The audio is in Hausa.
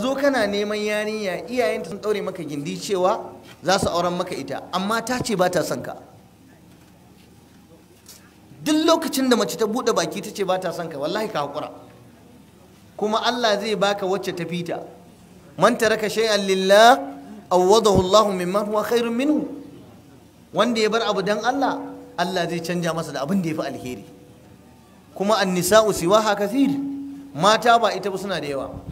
zo kana neman yarinya iyayenta sun ɗaure maka gindi cewa za su auren maka ita amma ta ce ba ta son ka duk lokacin da mace ta buɗe baki ta ce ba ta son ka wallahi ka haƙura kuma Allah zai baka wacce ta fita man taraka shay'an lillah awwadahu Allah mimman huwa khairun minhu wanda ya bar abu dan Allah Allah zai canja masa da abin da yafi alheri kuma wa siwaha kathir mata ba ita ba suna da yawa